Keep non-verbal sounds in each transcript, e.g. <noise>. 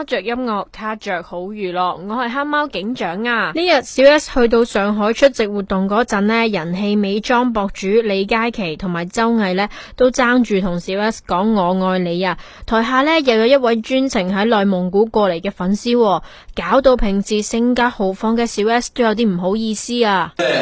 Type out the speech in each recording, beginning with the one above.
卡著音樂，卡着好娛樂。我係黑貓警長啊！呢日小 S 去到上海出席活動嗰陣呢，人氣美妝博主李佳琦同埋周毅呢都爭住同小 S 講我愛你啊！台下呢又有一位專程喺內蒙古過嚟嘅粉絲，搞到平時性格豪放嘅小 S 都有啲唔好意思啊。嗯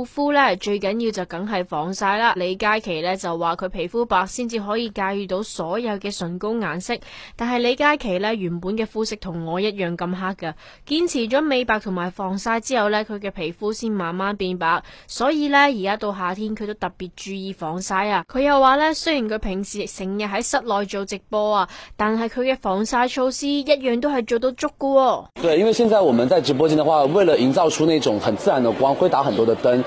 護膚呢，最緊要就梗係防曬啦。李佳琦呢，就話佢皮膚白先至可以駕馭到所有嘅唇膏顏色，但係李佳琦呢，原本嘅膚色同我一樣咁黑噶。堅持咗美白同埋防曬之後呢，佢嘅皮膚先慢慢變白。所以呢，而家到夏天佢都特別注意防曬啊。佢又話呢，雖然佢平時成日喺室內做直播啊，但係佢嘅防曬措施一樣都係做到足嘅哦。對，因為現在我們在直播間的話，為了營造出那種很自然的光，會打很多的燈。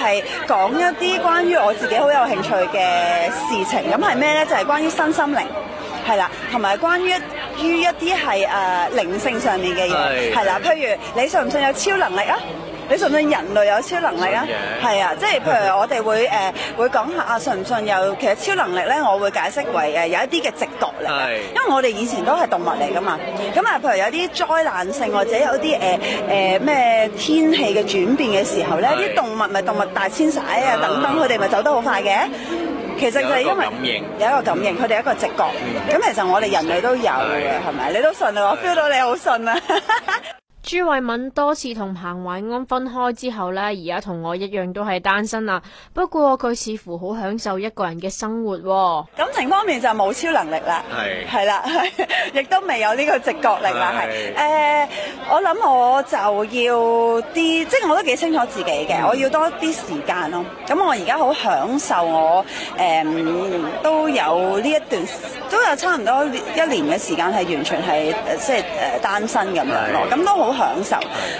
係講一啲關於我自己好有興趣嘅事情，咁係咩咧？就係、是、關於身心靈，係啦，同埋關於於一啲係誒靈性上面嘅嘢，係啦的，譬如你信唔信有超能力啊？你信唔信人類有超能力、嗯、係啊？係啊，即係譬如我哋會誒、呃、會講下啊，信唔信有其實超能力咧，我會解釋為誒有一啲嘅直覺嚟。嗯、因為我哋以前都係動物嚟噶嘛，咁啊譬如有啲災難性或者有啲誒咩天氣嘅轉變嘅時候咧，啲、嗯、動物咪、就是、動物大遷徙啊，等等佢哋咪走得好快嘅。其實就係因為有一個感應，佢哋、嗯、一個直覺。咁、嗯、其實我哋人類都有嘅，係咪？你都信，信啊？我 feel 到你好信啊！ <laughs> 朱慧敏多次同彭懷安分開之後咧，而家同我一樣都係單身啦。不過佢似乎好享受一個人嘅生活哦。感情方面就冇超能力啦，係啦是，亦都未有呢個直覺力啦。係誒的，的 uh, 我諗我就要啲，即係我都幾清楚自己嘅，我要多啲時間咯。咁我而家好享受我誒，嗯，都有呢一段，都有差唔多一年嘅時間係完全係誒即係誒單身咁樣咯。咁的都好。享受，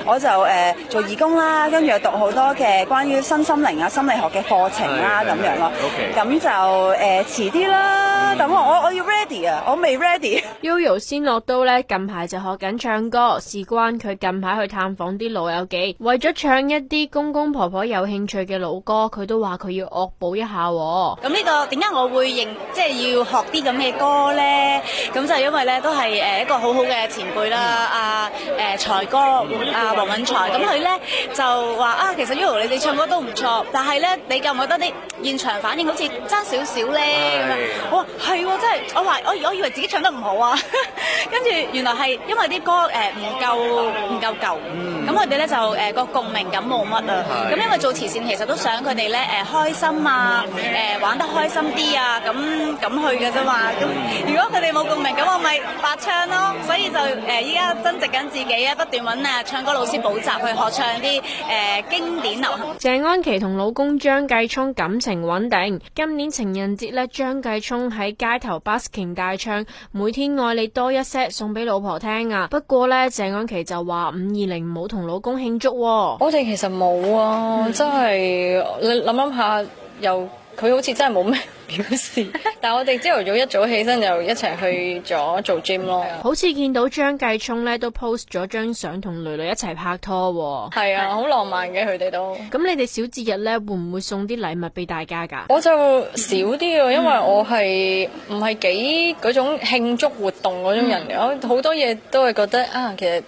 我就誒、呃、做義工啦，跟住又讀好多嘅關於身心靈啊、心理學嘅課程啦，咁的樣咯。咁 okay. 就誒遲啲啦。呃啊、等我，我，我要 ready 啊！我未 ready、啊。Yoyo <laughs> 先落刀咧，近排就學緊唱歌，事關佢近排去探訪啲老友記，為咗唱一啲公公婆，婆婆有興趣嘅老歌，佢都話佢要惡補一下我。咁呢、這個點解我會認即係、就是、要學啲咁嘅歌咧？咁就因為咧都係誒一個好好嘅前輩啦，阿誒、嗯啊啊、才哥阿黃、嗯啊、允才，咁佢咧就話啊，其實 Yoyo 你哋唱歌都唔錯，但係咧你覺唔覺得啲？現場反應好似差少少咧咁樣，我話係喎，真係我話我我以為自己唱得唔好啊，跟 <laughs> 住原來係因為啲歌誒唔、呃、夠。夠，咁佢哋咧就誒個共鳴感冇乜啊，咁因為做慈善其實都想佢哋咧誒開心啊，誒玩得開心啲啊，咁咁去嘅啫嘛，咁如果佢哋冇共鳴，咁我咪白唱咯，所以就誒依家增值緊自己啊，不斷揾啊唱歌老師補習去學唱啲誒經典流行曲。謝安琪同老公張繼聰感情穩定，今年情人節咧，張繼聰喺街頭 busking 大唱《每天愛你多一些》送俾老婆聽啊，不過咧謝安琪就話。五二零冇同老公慶祝喎，我哋其實冇啊，嗯、真係你諗諗下，又佢好似真係冇咩表示。 <laughs> 但係我哋朝頭早一早起身，就一齊去咗做 gym 咯。好似見到張繼聰咧都 post 咗張相，同女女一齊拍拖喎，係啊，好浪漫嘅佢哋都。咁你哋小節日咧會唔會送啲禮物俾大家㗎？我就少啲，因為我係唔係幾嗰種慶祝活動嗰種人，嗯、我好多嘢都係覺得啊，其實。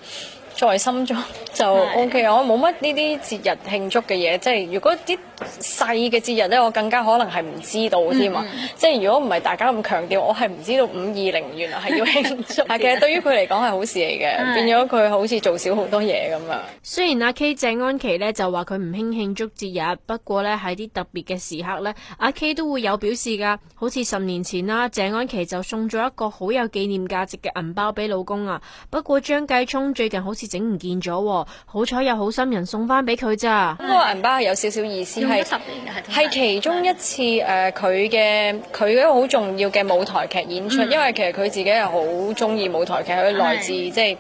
在心中就 O、OK, K，我冇乜呢啲節日慶祝嘅嘢，即係如果啲細嘅節日呢，我更加可能係唔知道添啊。嗯、即係如果唔係大家咁強調，我係唔知道五二零原來係要慶祝。其實 <laughs> 日，對於佢嚟講係好事嚟嘅， <laughs> 是變咗佢好似做少好多嘢咁啊。雖然阿 K 謝安琪呢就話佢唔興慶祝節日，不過呢，喺啲特別嘅時刻呢，阿 K 都會有表示㗎。好似十年前啦，謝安琪就送咗一個好有紀念價值嘅銀包俾老公啊。不過張繼聰最近好似。整唔見咗，好彩有好心人送翻俾佢咋？嗰個銀包有少少意思是，用咗十年嘅係。係其，其中一次誒，佢嘅佢一個好重要嘅舞台劇演出，嗯、因為其實佢自己係好中意舞台劇，佢來自是的即係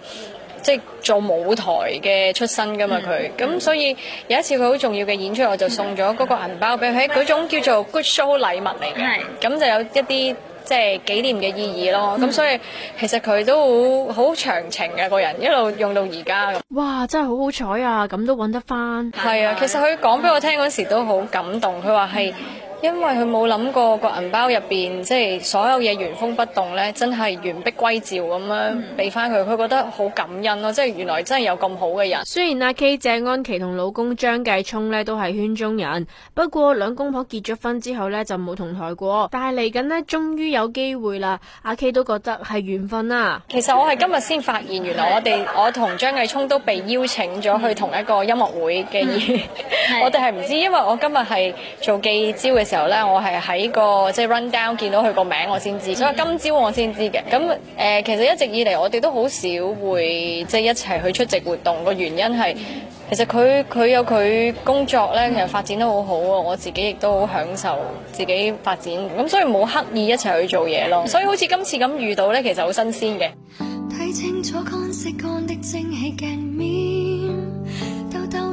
即係做舞台嘅出身噶嘛佢。咁、嗯、所以有一次佢好重要嘅演出，我就送咗嗰個銀包俾佢，嗰的種叫做 good show 禮物嚟嘅。係咁的就有一啲。即係紀念嘅意義咯，咁所以其實佢都好長情嘅、啊、個人，一路用到而家嘅。哇！真係好好彩啊，咁都揾得翻。係啊，其實佢講俾我聽嗰時都好感動，佢話係。因為佢冇諗過個銀包入邊，即係所有嘢原封不動咧，真係完璧歸趙咁樣俾翻佢。佢覺得好感恩咯，即係原來真係有咁好嘅人。雖然阿 K 謝安琪同老公張繼聰呢都係圈中人，不過兩公婆結咗婚之後呢就冇同台過。但係嚟緊呢，終於有機會啦，阿 K 都覺得係緣分啦。其實我係今日先發現，原來我哋我同張繼聰都被邀請咗去同一個音樂會嘅，我哋係唔知，因為我今日係做記招嘅時候。時候咧，我係喺個即係 run down 見到佢個名，我先知，所以今朝我先知嘅。咁誒，其實一直以嚟我哋都好少會即係一齊去出席活動，個原因係其實佢，佢有佢工作咧，其實發展得好好喎。我自己亦都好享受自己發展，咁所以冇刻意一齊去做嘢咯。所以好似今次咁遇到咧，其實好新鮮嘅。